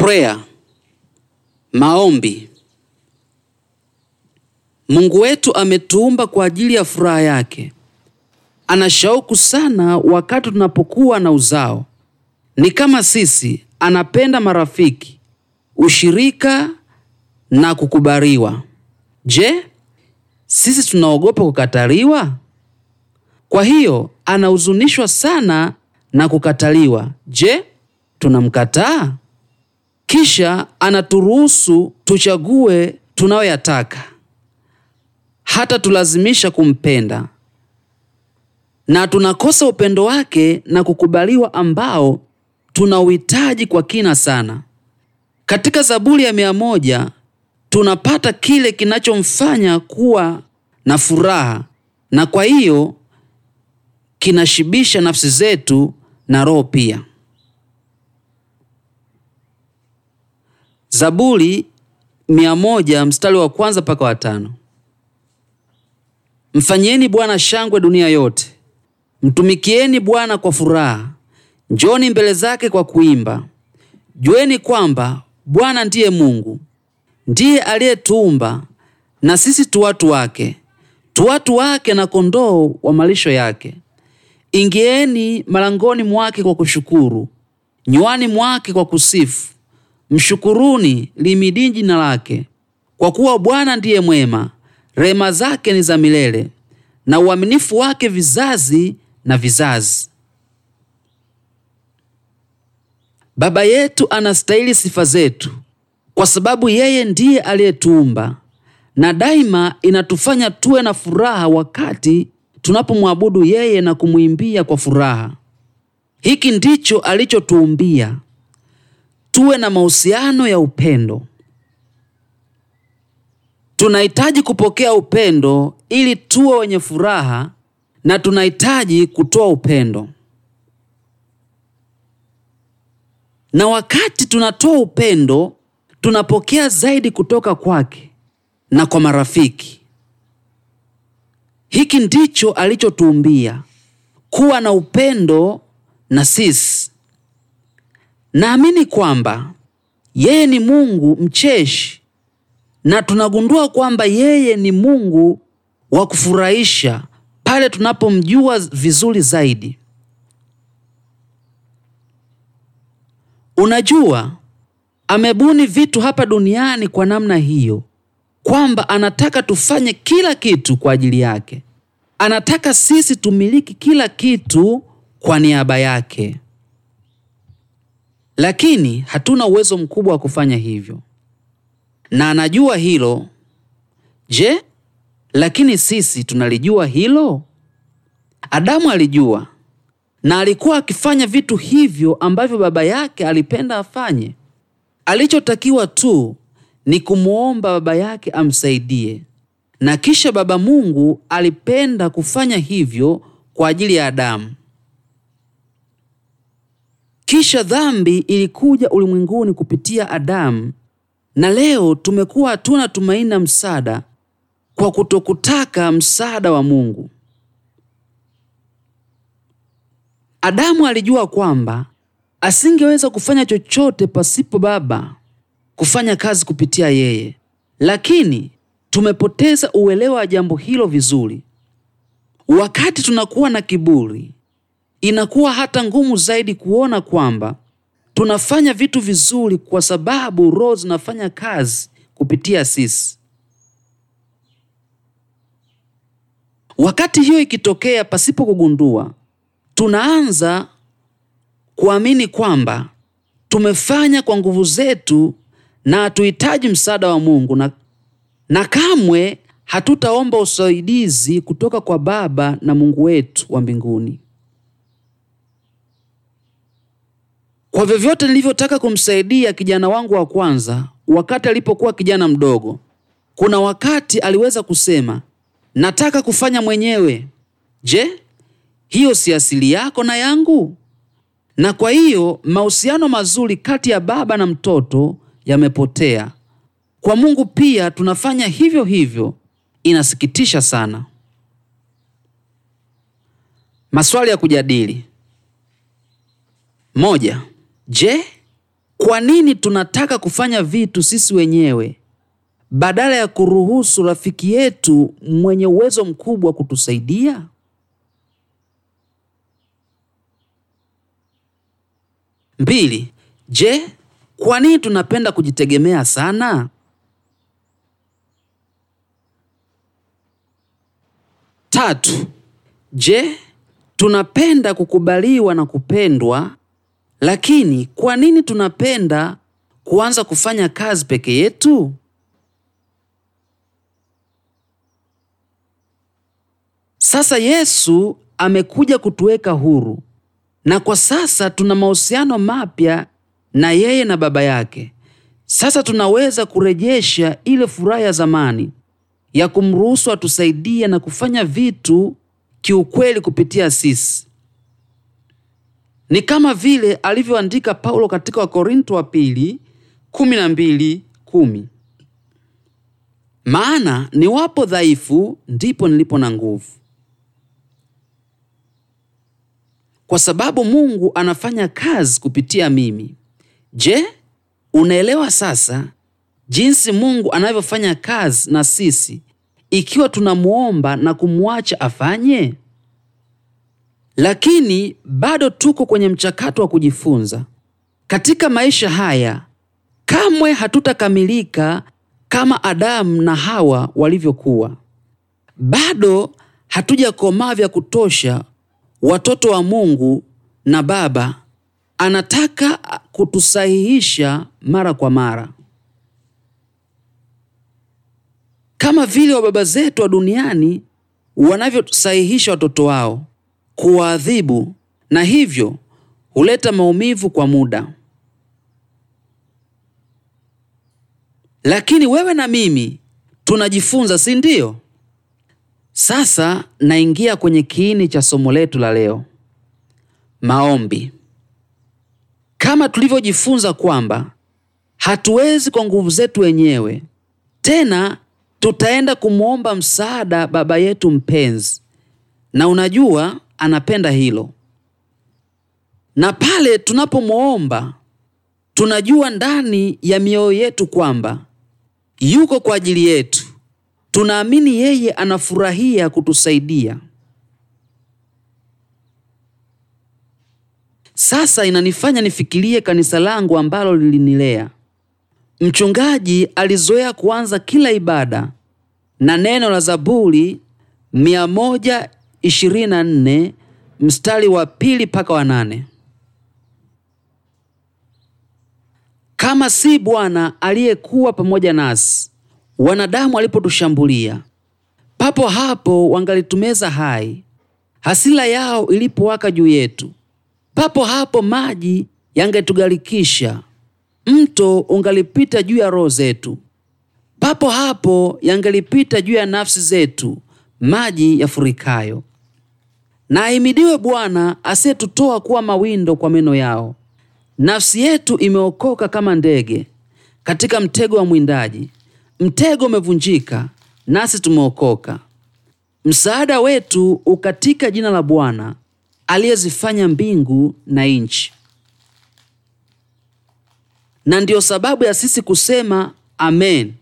prayer, maombi. Mungu wetu ametuumba kwa ajili ya furaha yake. Ana shauku sana wakati tunapokuwa na uzao. Ni kama sisi, anapenda marafiki, ushirika na kukubaliwa. Je, sisi tunaogopa kukataliwa? Kwa hiyo anahuzunishwa sana na kukataliwa. Je, tunamkataa? kisha anaturuhusu tuchague tunayoyataka, hata tulazimisha kumpenda na tunakosa upendo wake na kukubaliwa ambao tunauhitaji kwa kina sana. Katika Zaburi ya mia moja tunapata kile kinachomfanya kuwa na furaha na kwa hiyo kinashibisha nafsi zetu na roho pia. Zaburi mia moja mstari wa kwanza mpaka wa tano. Mfanyieni Bwana shangwe dunia yote, mtumikieni Bwana kwa furaha, njoni mbele zake kwa kuimba. Jueni kwamba Bwana ndiye Mungu, ndiye aliyetuumba na sisi tu watu wake, tu watu wake na kondoo wa malisho yake. Ingieni malangoni mwake kwa kushukuru, nywani mwake kwa kusifu Mshukuruni, limidini jina lake, kwa kuwa Bwana ndiye mwema, rehema zake ni za milele, na uaminifu wake vizazi na vizazi. Baba yetu anastahili sifa zetu, kwa sababu yeye ndiye aliyetuumba, na daima inatufanya tuwe na furaha wakati tunapomwabudu yeye na kumwimbia kwa furaha. Hiki ndicho alichotuumbia tuwe na mahusiano ya upendo. Tunahitaji kupokea upendo ili tuwe wenye furaha na tunahitaji kutoa upendo. Na wakati tunatoa upendo, tunapokea zaidi kutoka kwake na kwa marafiki. Hiki ndicho alichotuumbia, kuwa na upendo na sisi. Naamini kwamba yeye ni Mungu mcheshi na tunagundua kwamba yeye ni Mungu wa kufurahisha pale tunapomjua vizuri zaidi. Unajua, amebuni vitu hapa duniani kwa namna hiyo kwamba anataka tufanye kila kitu kwa ajili yake. Anataka sisi tumiliki kila kitu kwa niaba yake lakini hatuna uwezo mkubwa wa kufanya hivyo, na anajua hilo. Je, lakini sisi tunalijua hilo? Adamu alijua na alikuwa akifanya vitu hivyo ambavyo baba yake alipenda afanye. Alichotakiwa tu ni kumwomba baba yake amsaidie, na kisha baba Mungu alipenda kufanya hivyo kwa ajili ya Adamu. Kisha dhambi ilikuja ulimwenguni kupitia Adamu, na leo tumekuwa hatuna tumaini na msaada kwa kutokutaka msaada wa Mungu. Adamu alijua kwamba asingeweza kufanya chochote pasipo Baba kufanya kazi kupitia yeye, lakini tumepoteza uelewa wa jambo hilo vizuri. Wakati tunakuwa na kiburi, inakuwa hata ngumu zaidi kuona kwamba tunafanya vitu vizuri kwa sababu roho zinafanya kazi kupitia sisi. Wakati hiyo ikitokea pasipo kugundua, tunaanza kuamini kwamba tumefanya kwa nguvu zetu na hatuhitaji msaada wa Mungu na, na kamwe hatutaomba usaidizi kutoka kwa Baba na Mungu wetu wa mbinguni. Kwa vyovyote nilivyotaka kumsaidia kijana wangu wa kwanza wakati alipokuwa kijana mdogo, kuna wakati aliweza kusema, nataka kufanya mwenyewe. Je, hiyo si asili yako na yangu? Na kwa hiyo mahusiano mazuri kati ya baba na mtoto yamepotea. Kwa Mungu pia tunafanya hivyo hivyo. Inasikitisha sana. Maswali ya kujadili: Moja. Je, kwa nini tunataka kufanya vitu sisi wenyewe badala ya kuruhusu rafiki yetu mwenye uwezo mkubwa kutusaidia? Mbili, je, kwa nini tunapenda kujitegemea sana? Tatu, je, tunapenda kukubaliwa na kupendwa lakini kwa nini tunapenda kuanza kufanya kazi peke yetu? Sasa Yesu amekuja kutuweka huru, na kwa sasa tuna mahusiano mapya na yeye na Baba yake. Sasa tunaweza kurejesha ile furaha ya zamani ya kumruhusu atusaidie na kufanya vitu kiukweli kupitia sisi. Ni kama vile alivyoandika Paulo katika Wakorinto wa pili kumi maana wapo dhaifu ndipo nilipo na nguvu, kwa sababu Mungu anafanya kazi kupitia mimi. Je, unaelewa sasa jinsi Mungu anavyofanya kazi na sisi ikiwa tunamwomba na kumwacha afanye? lakini bado tuko kwenye mchakato wa kujifunza. Katika maisha haya kamwe hatutakamilika kama Adamu na Hawa walivyokuwa. Bado hatujakomaa vya kutosha, watoto wa Mungu, na Baba anataka kutusahihisha mara kwa mara, kama vile wababa zetu wa duniani wanavyosahihisha watoto wao kuwaadhibu na hivyo huleta maumivu kwa muda. Lakini wewe na mimi tunajifunza, si ndio? Sasa naingia kwenye kiini cha somo letu la leo, maombi. Kama tulivyojifunza kwamba hatuwezi kwa nguvu zetu wenyewe, tena tutaenda kumwomba msaada Baba yetu mpenzi. Na unajua anapenda hilo. Na pale tunapomwomba tunajua ndani ya mioyo yetu kwamba yuko kwa ajili yetu. Tunaamini yeye anafurahia kutusaidia. Sasa inanifanya nifikirie kanisa langu ambalo lilinilea. Mchungaji alizoea kuanza kila ibada na neno la Zaburi 24 mstari wa pili mpaka wa nane. Kama si Bwana aliyekuwa pamoja nasi, wanadamu walipotushambulia, papo hapo wangalitumeza hai. hasila yao ilipowaka juu yetu, papo hapo maji yangetugalikisha, mto ungalipita juu ya roho zetu, papo hapo yangalipita juu ya nafsi zetu maji yafurikayo. Na ahimidiwe Bwana asiyetutoa kuwa mawindo kwa meno yao. Nafsi yetu imeokoka kama ndege katika mtego wa mwindaji. Mtego umevunjika nasi tumeokoka. Msaada wetu ukatika jina la Bwana aliyezifanya mbingu na nchi. Na ndiyo sababu ya sisi kusema amen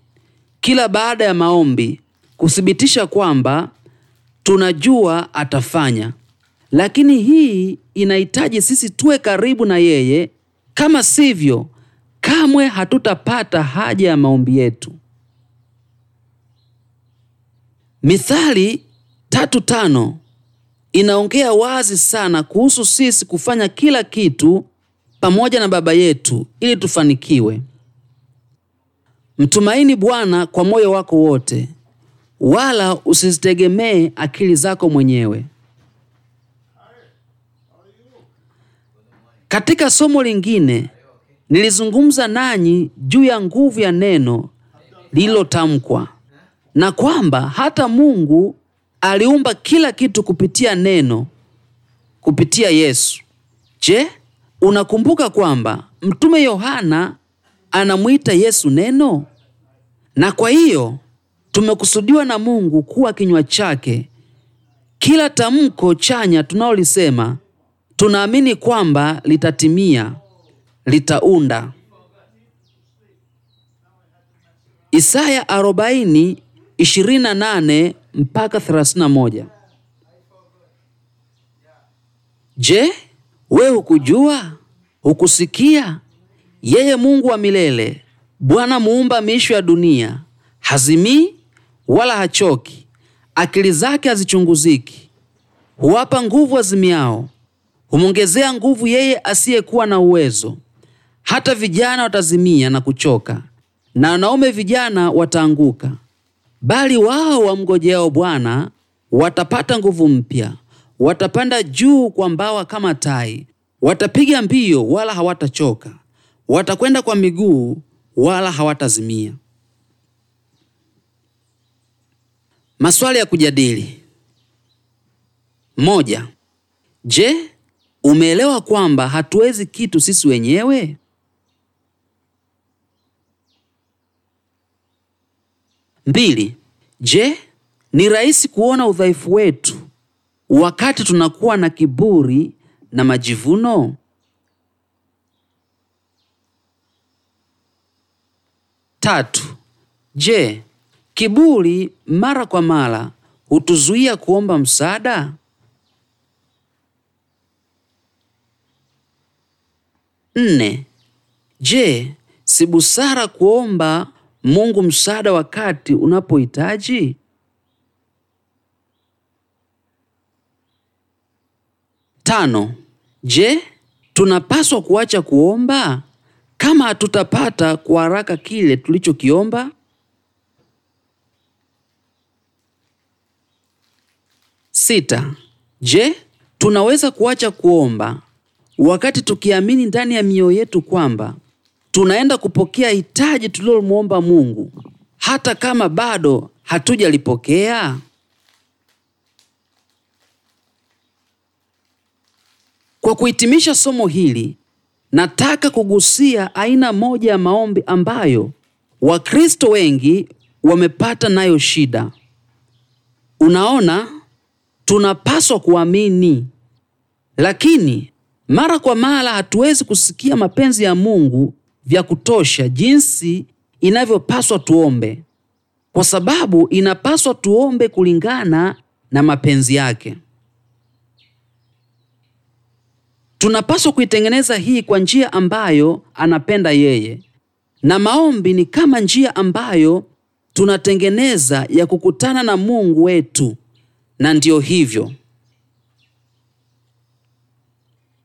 kila baada ya maombi, kuthibitisha kwamba tunajua atafanya, lakini hii inahitaji sisi tuwe karibu na yeye. Kama sivyo, kamwe hatutapata haja ya maombi yetu. Mithali tatu tano inaongea wazi sana kuhusu sisi kufanya kila kitu pamoja na Baba yetu ili tufanikiwe. Mtumaini Bwana kwa moyo wako wote wala usizitegemee akili zako mwenyewe. Katika somo lingine nilizungumza nanyi juu ya nguvu ya neno lililotamkwa na kwamba hata Mungu aliumba kila kitu kupitia neno, kupitia Yesu. Je, unakumbuka kwamba mtume Yohana anamwita Yesu neno? Na kwa hiyo Tumekusudiwa na Mungu kuwa kinywa chake. Kila tamko chanya tunalolisema tunaamini kwamba litatimia, litaunda. Isaya 40:28 mpaka 31. Je, we hukujua? Hukusikia? Yeye Mungu wa milele, Bwana muumba miisho ya dunia, hazimii wala hachoki, akili zake hazichunguziki. Huwapa nguvu azimiao, humwongezea nguvu yeye asiyekuwa na uwezo. Hata vijana watazimia na kuchoka, na wanaume vijana wataanguka. Bali wao wamngojeao Bwana watapata nguvu mpya, watapanda juu kwa mbawa kama tai, watapiga mbio wala hawatachoka, watakwenda kwa miguu wala hawatazimia. Maswali ya kujadili: moja. Je, umeelewa kwamba hatuwezi kitu sisi wenyewe? Mbili. Je, ni rahisi kuona udhaifu wetu wakati tunakuwa na kiburi na majivuno? Tatu. Je, Kiburi mara kwa mara hutuzuia kuomba msaada. Nne, je, si busara kuomba Mungu msaada wakati unapohitaji? Tano, je, tunapaswa kuacha kuomba kama hatutapata kwa haraka kile tulichokiomba? Sita. Je, tunaweza kuacha kuomba wakati tukiamini ndani ya mioyo yetu kwamba tunaenda kupokea hitaji tulilomwomba Mungu hata kama bado hatujalipokea? Kwa kuhitimisha somo hili, nataka kugusia aina moja ya maombi ambayo Wakristo wengi wamepata nayo shida. Unaona, tunapaswa kuamini, lakini mara kwa mara hatuwezi kusikia mapenzi ya Mungu vya kutosha jinsi inavyopaswa tuombe, kwa sababu inapaswa tuombe kulingana na mapenzi yake. Tunapaswa kuitengeneza hii kwa njia ambayo anapenda yeye, na maombi ni kama njia ambayo tunatengeneza ya kukutana na Mungu wetu na ndiyo hivyo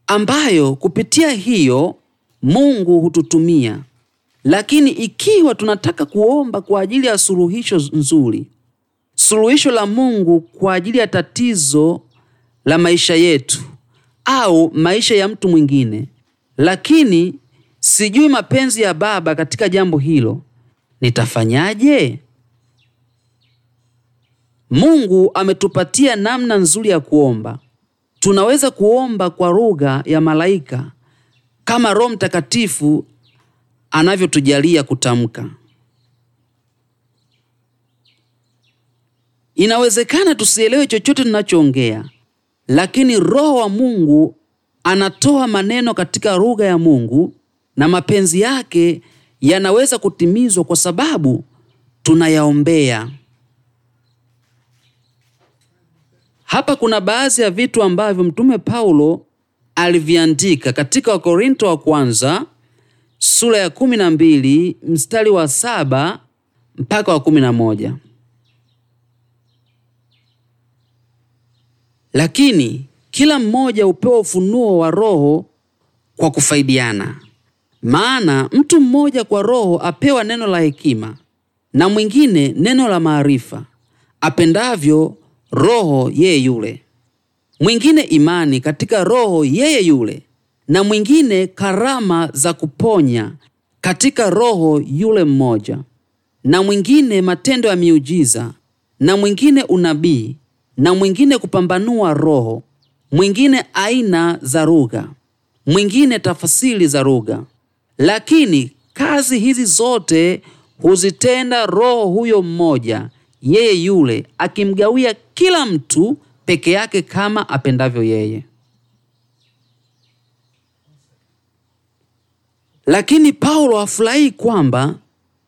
ambayo kupitia hiyo Mungu hututumia. Lakini ikiwa tunataka kuomba kwa ajili ya suluhisho nzuri, suluhisho la Mungu kwa ajili ya tatizo la maisha yetu au maisha ya mtu mwingine, lakini sijui mapenzi ya Baba katika jambo hilo, nitafanyaje? Mungu ametupatia namna nzuri ya kuomba. Tunaweza kuomba kwa lugha ya malaika kama Roho Mtakatifu anavyotujalia kutamka. Inawezekana tusielewe chochote tunachoongea, lakini Roho wa Mungu anatoa maneno katika lugha ya Mungu na mapenzi yake yanaweza kutimizwa kwa sababu tunayaombea. Hapa kuna baadhi ya vitu ambavyo mtume Paulo aliviandika katika Wakorinto wa kwanza sura ya kumi na mbili mstari wa saba mpaka wa kumi na moja. Lakini kila mmoja hupewa ufunuo wa Roho kwa kufaidiana. Maana mtu mmoja kwa Roho apewa neno la hekima, na mwingine neno la maarifa, apendavyo roho yeye yule, mwingine imani katika roho yeye yule, na mwingine karama za kuponya katika roho yule mmoja, na mwingine matendo ya miujiza, na mwingine unabii, na mwingine kupambanua roho, mwingine aina za lugha, mwingine tafasiri za lugha. Lakini kazi hizi zote huzitenda roho huyo mmoja yeye yule akimgawia kila mtu peke yake kama apendavyo yeye. Lakini Paulo afurahii kwamba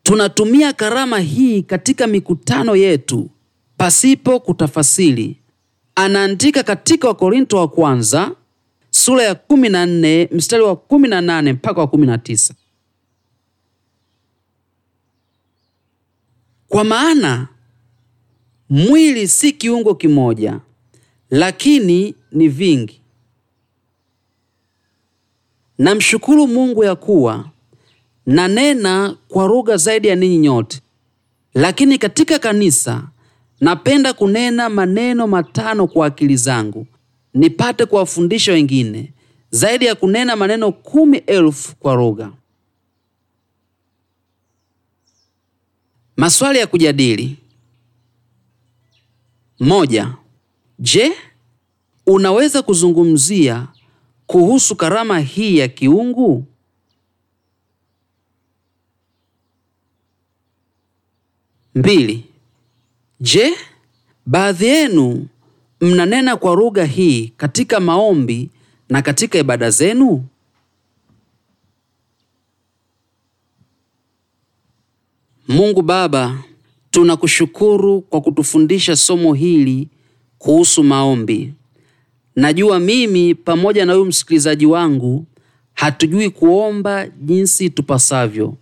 tunatumia karama hii katika mikutano yetu pasipo kutafasiri. Anaandika katika Wakorinto wa kwanza sura ya 14 mstari wa 18 mpaka wa 19, kwa maana Mwili si kiungo kimoja, lakini ni vingi. Namshukuru Mungu ya kuwa nanena kwa lugha zaidi ya ninyi nyote, lakini katika kanisa napenda kunena maneno matano kwa akili zangu, nipate kuwafundisha wengine zaidi ya kunena maneno kumi elfu kwa lugha. Maswali ya kujadili. Moja, je, unaweza kuzungumzia kuhusu karama hii ya kiungu? Mbili, je, baadhi yenu mnanena kwa lugha hii katika maombi na katika ibada zenu? Mungu Baba Tunakushukuru kwa kutufundisha somo hili kuhusu maombi. Najua mimi pamoja na huyu msikilizaji wangu hatujui kuomba jinsi tupasavyo,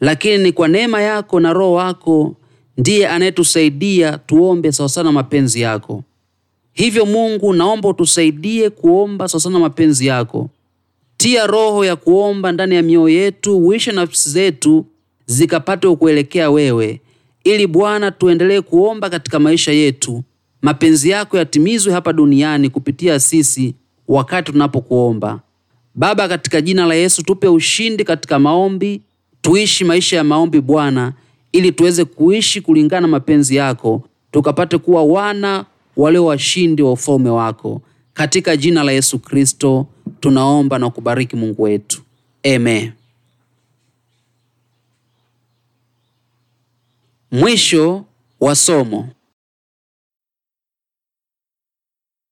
lakini ni kwa neema yako na Roho wako ndiye anayetusaidia tuombe sawasana na mapenzi yako. Hivyo Mungu, naomba utusaidie kuomba sawasana na mapenzi yako. Tia roho ya kuomba ndani ya mioyo yetu, uishe nafsi zetu zikapate kukuelekea wewe, ili Bwana tuendelee kuomba katika maisha yetu, mapenzi yako yatimizwe hapa duniani kupitia sisi wakati tunapokuomba. Baba, katika jina la Yesu tupe ushindi katika maombi, tuishi maisha ya maombi Bwana, ili tuweze kuishi kulingana na mapenzi yako, tukapate kuwa wana walio washindi wa ufalme wako. Katika jina la Yesu Kristo tunaomba na kubariki Mungu wetu, amen. Mwisho wa somo.